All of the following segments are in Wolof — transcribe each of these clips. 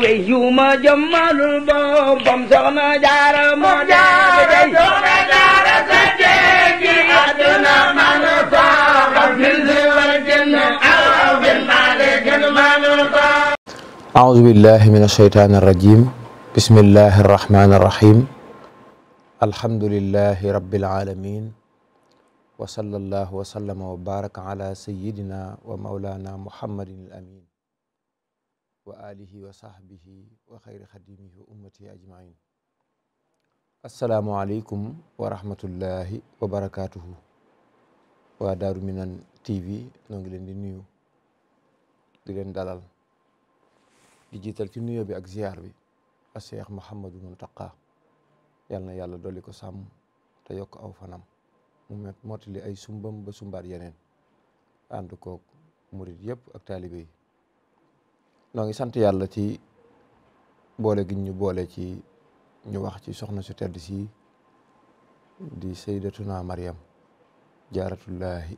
way yuma jamalul boppam soxna jaara moo jaara soxna jaara sa jéggi àdduna manu saaxam filsi wal jënn aw bin malikin manu saaxam أعوذ بالله من الشيطان الرجيم بسم الله الرحمن الرحيم الحمد لله رب العالمين wa sallallahu wa sallama wa baraka ala sayyidina wa maulana muhammadin amin wa alihi wa sahbihi wa xayri xadimihi wa ummatihi ajmain assalaamu aleykum wa rahmatullahi wa barakatuhu waa Daaru Minane TV noo ngi leen di nuyu di leen dalal di jiital ci nuyoo bi ak ziyaar bi a Cheikh Mouhamadou Mountakha yal na yàlla dolli ko sàmm te yokk aw fanam mu mottali ay sumbam ba sumbaat yeneen ànd koog murit yëpp ak taalibe yi noo ngi sant yàlla ci boole gi ñu boole ci ñu wax ci soxna su tedd si di saydatuna Maryam jaaratullaahi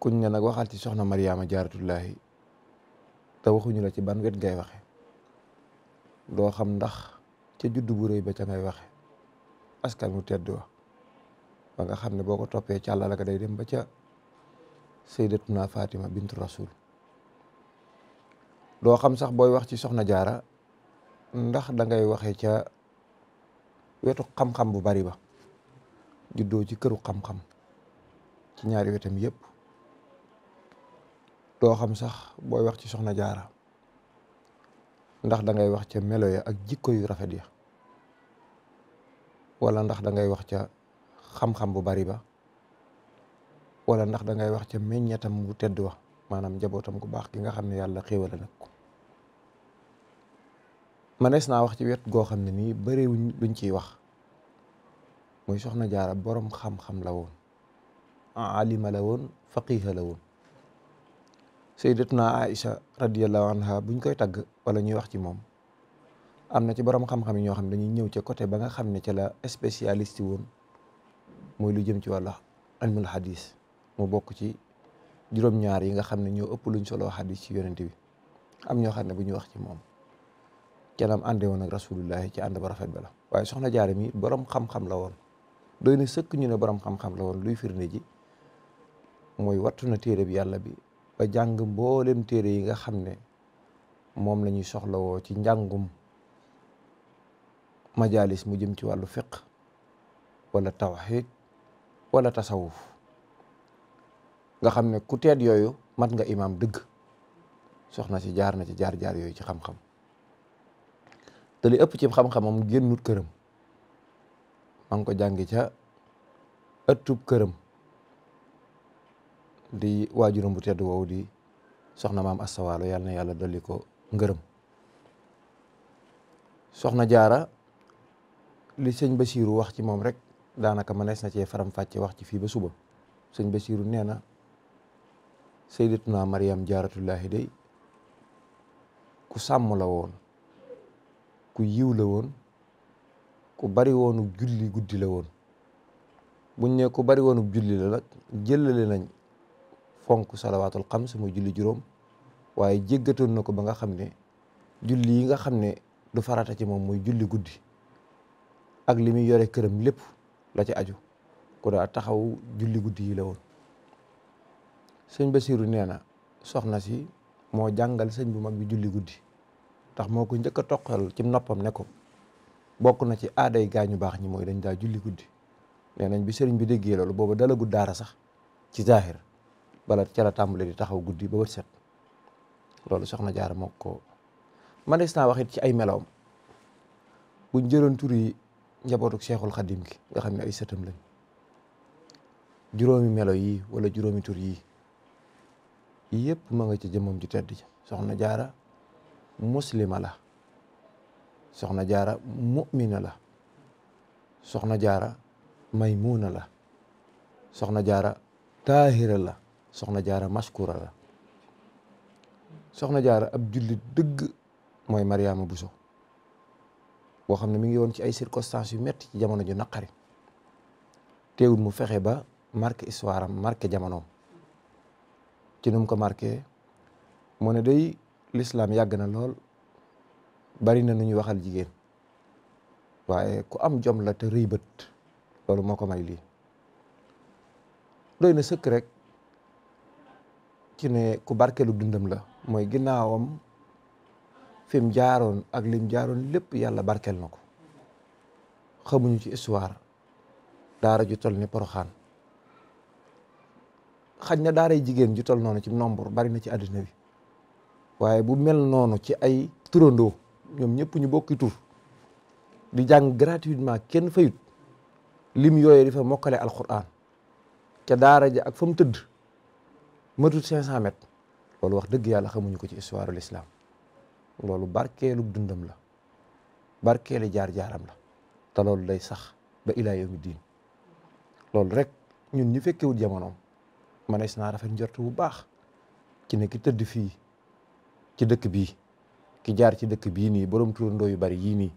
kuñ ne nag waxal ci soxna Maryama jaaratullaahi te waxuñu la ci ban wet ngay waxe doo xam ndax ca juddu bu rëy ba ca ngay waxe askan wu tedd wa ba nga xam ne boo ko toppee càllala ga day dem ba ca sayyidatuna Fatima bintu rasul doo xam sax booy wax ci soxna jaara ndax dangay waxe ca wetu xam-xam bu bari ba juddoo ci këru xam ci ñaari wetam yépp doo xam sax booy wax ci soxna jaara ndax dangay wax ca melo ya ak jikko yu rafet ya wala ndax dangay wax ca xam-xam bu bari ba wala ndax dangay wax ca meññatam bu tedd wa maanaam njabootam gu baax gi nga xam ne yàlla xéewale nag ko manees naa wax ci wet goo xam ne nii bëriwuñ luñ ciy wax muy soxna jaara borom xam-xam la woon alima la woon faqiha la woon sayyidatuna Aïcha radiyallahu anha buñ koy tagg wala ñuy wax ci moom am na ci borom xam yi ñoo xam ne dañuy ñëw ca côté ba nga xam ne ca la spécialiste woon lu jëm ci wàllu ilmul hadis bokk ci juróom yi nga xam ne ñoo ëpp luñ soloo hadis ci yonente bi am ñoo xam ne bu ñu wax ci moom kenam ànde woon ak rasulullahi ci ànd ba rafet ba la waaye soxna jaare mi borom xam-xam la woon doy na sëkk ñu ne borom xam-xam la woon luy firnde ji mooy wattu na téere bi yàlla bi ba jàng mboolem téere yi nga xam ne moom lañuy soxla woo ci njàngum majalis mu jëm ci wàllu fiq wala tawxid wala tasawuf nga xam ne ku teet yooyu mat nga imam dëgg soxna si jaar na ci jaar-jaar yooyu ci xam-xam te li ëpp ci xam-xamam génnut këram maa ngi ko jàngi ca ëttub këram di waajuram bu tedd woowu di soxna mam astawaalo yàlla na yàlla dolli ko ngërëm soxna jaara li sëñ Basiiru wax ci moom rek daanaka mënees na cee faram-fàcce wax ci fii ba suba sëñ Basiiru nee na sayyidatuna Maryam jaaratullaahi day ku sàmm la woon ku yiw la woon ku bari woonu julli guddi la woon buñ ne ku bari woonu julli la nag jëlale nañ fonk salawaatul xams muy julli juróom waaye jéggatoon na ko ba nga xam ne julli yi nga xam ne du farata ci moom muy julli guddi ak li muy yore këram lépp la ci aju ku daa taxaw julli guddi yi la woon sëñ Basiiru nee na soxna si moo jàngal sëñ bu mag bi julli guddi ndax moo ko njëkk a toqal ci noppam ne ko bokk na ci aaday gaañu baax ñi mooy dañ daa julli guddi nee nañ bi sëriñ bi déggee loolu booba guddi daara sax ci zaahir bala ca la tàmbale di taxaw guddi ba bët set loolu soxna jaara moo ko man des naa wax ci ay melawam buñ jëloon tur njabootuk cheikhul xadim gi nga xam ne ay sëtam lañ juróomi melo yi wala juróomi tur yi yëpp ma nga ci jëmmam ju tedd ji soxna jaara muslima la soxna jaara mu'mina la soxna jaara maymuna la soxna jaara taahira la soxna jaara maskura la soxna jaara ab jullit dëgg mooy mariama buso boo xam ne mu ngi woon ci ay circonstances yu métti ci jamono ju naqari teewul mu fexe ba marqué histoire am marqué jamonoom ci nu ko marqué moo ne day lislaam yàgg na lool bari na nu ñuy waxal jigéen waaye ku am jom la te rëy loolu moo ko may lii doy na sëkk rek ci ne ku barkeelu dundam la mooy ginnaawam fi mu jaaroon ak lim jaaroon lépp yàlla barkel na ko xamuñu ci histoire daara ju tol ni poroxaan xaj na daaray jigéen ju tol noonu ci nombre bari na ci àddina bi waaye bu mel noonu ci ay turandoo ñoom ñëpp ñu bokki tur di jàng gratuitement kenn fayut lim yooyu di fa mokkale alquran ca daara ja ak fa mu tëdd matut cinq cent loolu wax dëgg yàlla xamuñu ko ci histoire l'islam loolu barkeelu dundam la barkeelu jaar-jaaram la te loolu lay sax ba ilaa yawmi diin loolu rekk ñun ñu fekkewul jamonoom manees naa rafet njort bu baax ki ne ki tëdd fii ci dëkk bii ki jaar ci dëkk bii nii borom turandoo yu bari yii nii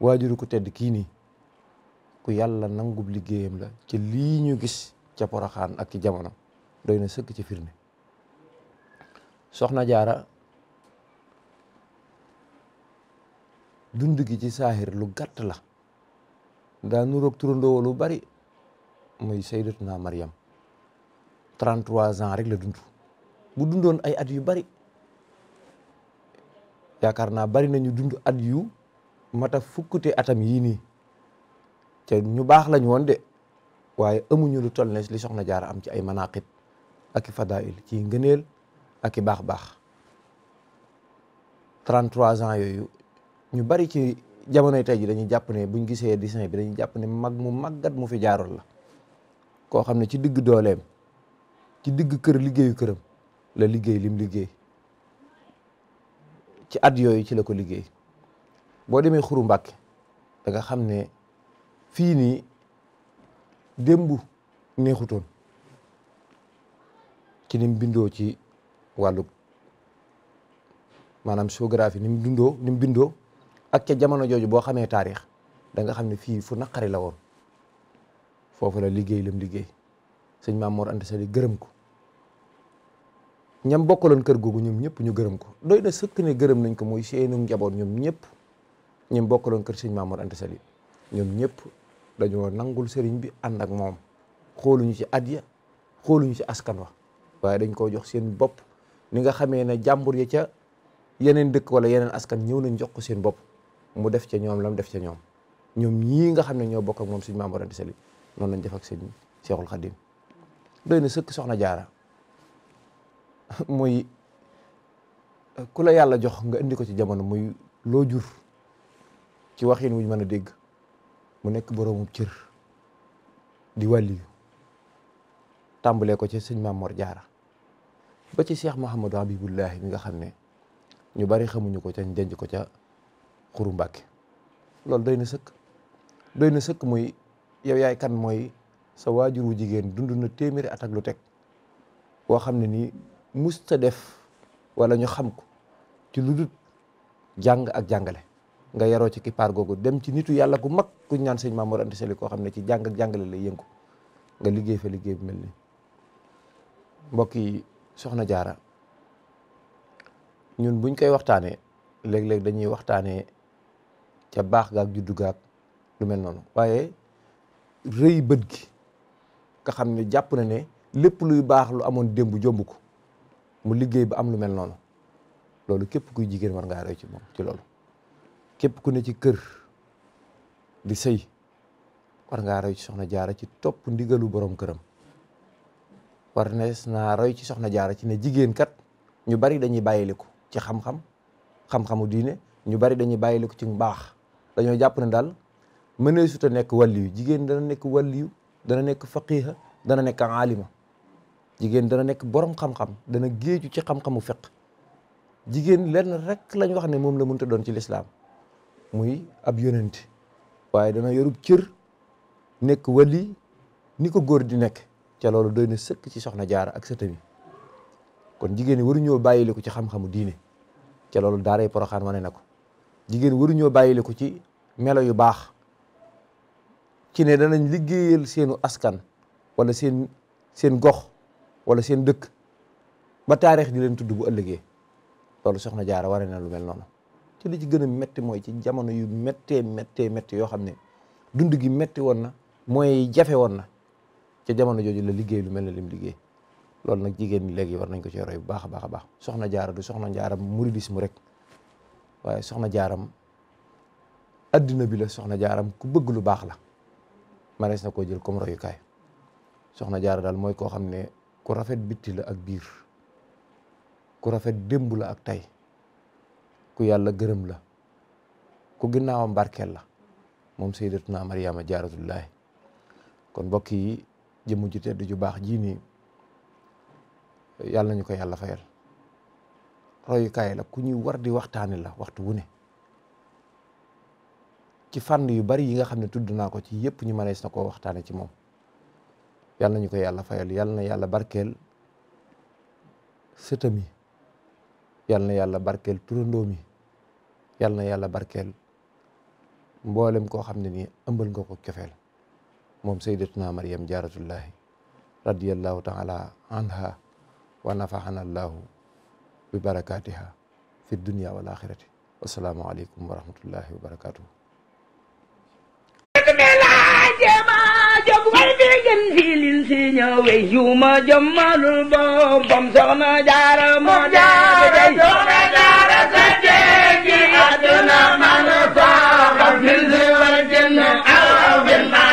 waajuru ko tedd kii nii ku yàlla nangub liggéeyam la ci lii ñu gis ca poroxaan ak ki jamono doy na sëkk ci firnde soxna jaara dund gi ci saaxir lu gàtt la daa nuroog turandoo lu bari muy sayyidatuna Maryam 33 ans rek la dund bu dundoon ay at yu bari yaakaar naa bari nañu dund at yu mata fukkute atam yii nii te ñu baax lañ woon de waaye amuñu lu tol ne li soxna jaara am ci ay manaqib aki i fadail ci ngëneel ak i baax-baax 33 ans yooyu ñu bari ci jamonoy tey ji dañuy jàpp ne buñ gisee dessin bi dañuy jàpp ne mag mu màggat mu fi jaarul la koo xam ne ci digg dooleem ci digg kër liggéeyu këram la liggéey lim liggéey ci at yooyu ci la ko liggéey boo demee xuru Mbàkke da xam ne fii nii démb neexutoon ci nim bindoo ci wàllu maanaam géographie nim dundoo nim bindoo ak ca jamono jooju boo xamee taarix da nga xam ne fii fu naqari la woon foofu la liggéey lam liggéey sëñ Maam Mor Anta Sali gërëm ko ñam bokkaloon kër googu ñoom ñëpp ñu gërëm ko doy na sëkk ne gërëm nañ ko muy seenu njaboot ñoom ñëpp ñam bokkaloon kër sëñ Maam Mor Anta Sali ñoom ñëpp dañoo nangul sëriñ bi ànd ak moom xooluñu ci adiya xooluñu si askan wa waaye dañ koo jox seen bopp ni nga xamee ne jàmbur ya ca yeneen dëkk wala yeneen askan ñëw nañ jox ko seen bopp mu def ca ñoom lam def ca ñoom ñoom ñii nga xam ne ñoo bokk ak moom suñ maam Mor Anta noonu lañ def ak sëñ Cheikhul Khadim doy na sëkk soxna jaara mooy ku la yàlla jox nga indi ko ci jamono muy loo jur ci waxin wuñ mën a dégg mu nekk boroomu cër di wàlliyu ko ci sëñ maam jaara ba ci Cheikh Mouhamadou Habibullahi mi nga xam ne ñu bari xamuñu ko ca denc ko ca xuru mbàkke loolu doy na sëkk doy na sëkk muy yow yaay kan mooy sa waajur wu jigéen dund na téeméeri at ak lu teg boo xam ne nii musta def wala ñu xam ko ci lu dul jàng ak jàngale nga yaroo ci kippaar googu dem ci nitu yàlla ku mag ku ñaan sëñ Mamour Anta Sali koo xam ne ci jàng ak jàngale lay yëngu nga liggéey fa liggéey bu mel nii mbokk yi soxna jaara ñun buñ koy waxtaanee léeg-léeg dañuy waxtaanee ca baax ak juddu gaag lu mel noonu waaye rëy bët gi nga xam ne jàpp na ne lépp luy baax lu amoon démb jomb ko mu liggéey ba am lu mel noonu loolu képp kuy jigéen war ngaa roy ci moom ci loolu képp ku ne ci kër di sëy war ngaa roy ci soxna jaara ci topp ndigalu borom këram war nees naa roy ci soxna jaara ci ne jigéen kat ñu bari dañuy bàyyiliku ci xam-xam xam-xamu diine ñu bari dañuy bàyyiliku ci baax dañoo jàpp ne daal mënee suta nekk wàlliyu jigéen dana nekk wàlliyu dana nekk faqiiha dana nekk aalima jigéen dana nekk borom xam-xam dana géeju ci xam-xamu fiq jigéen lenn rek lañ wax ne moom la mënta doon ci lislaam muy ab yonent waaye dana yorub cër nekk wali ni ko góor di nekk ca loolu doy na sëkk ci soxna jaara ak sëtam yi kon jigéen ñi waruñoo bàyyili ko ci xam-xamu diine ca loolu daaray poroxaan wane na ko jigéen waruñoo bàyyile ko ci melo yu baax ci ne danañ liggéeyal seenu askan wala seen seen gox walla seen dëkk ba taarix di leen tudd bu ëllëgee loolu soxna jaara waree na lu mel noonu ci li ci gën a metti mooy ci jamono yu méttee méttee métti yoo xam ne dund gi metti woon na mooy jafe woon na ca jamono jooju la liggéey lu mel ne lim liggéey loolu nag jigéen ñi léegi war nañ ko ci roy bu baax a baax a baax soxna jaara du soxna jaara muridisme rek waaye soxna jaaram addina bi la soxna jaaram ku bëgg lu baax la manees na koo jël comme royukaay soxna jaara daal mooy koo xam ne ku rafet bitti la ak biir ku rafet démb la ak tey ku yàlla gërëm la ku ginnaawam barkeel la moom sayyidatuna Mariama jaaratullaahi kon mbokk yi jëmm ju tedd ju baax jii nii yàlla nañu ko yàlla fayal royukaay la ku ñuy war di waxtaane la waxtu wu ne ci fànn yu bari yi nga xam ne tudd naa ko ci yépp ñu mënees na koo waxtaane ci moom yal na ñu ko yàlla fayal yal na yàlla barkeel sëtam yi yal na yàlla barkel turandoom yi yal na yàlla barkeel mboolem koo xam ne nii ëmbal nga ko cofeel moom sayyidatuna Maryam jaaratullahi radiyallahu taala anha wa nafaxana bi barakaatiha fi dunia wal axirati wasalaamu aleykum wa rahmatullahi wa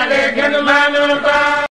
barakatuhu